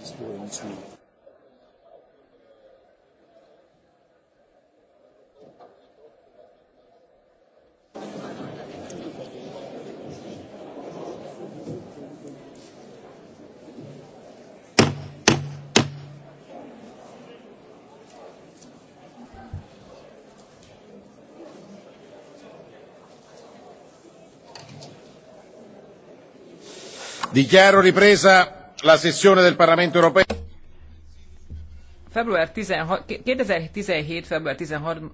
experience me. Dichiaro ripresa La sessione del Parlamento Europeo. Február 16, 2017. február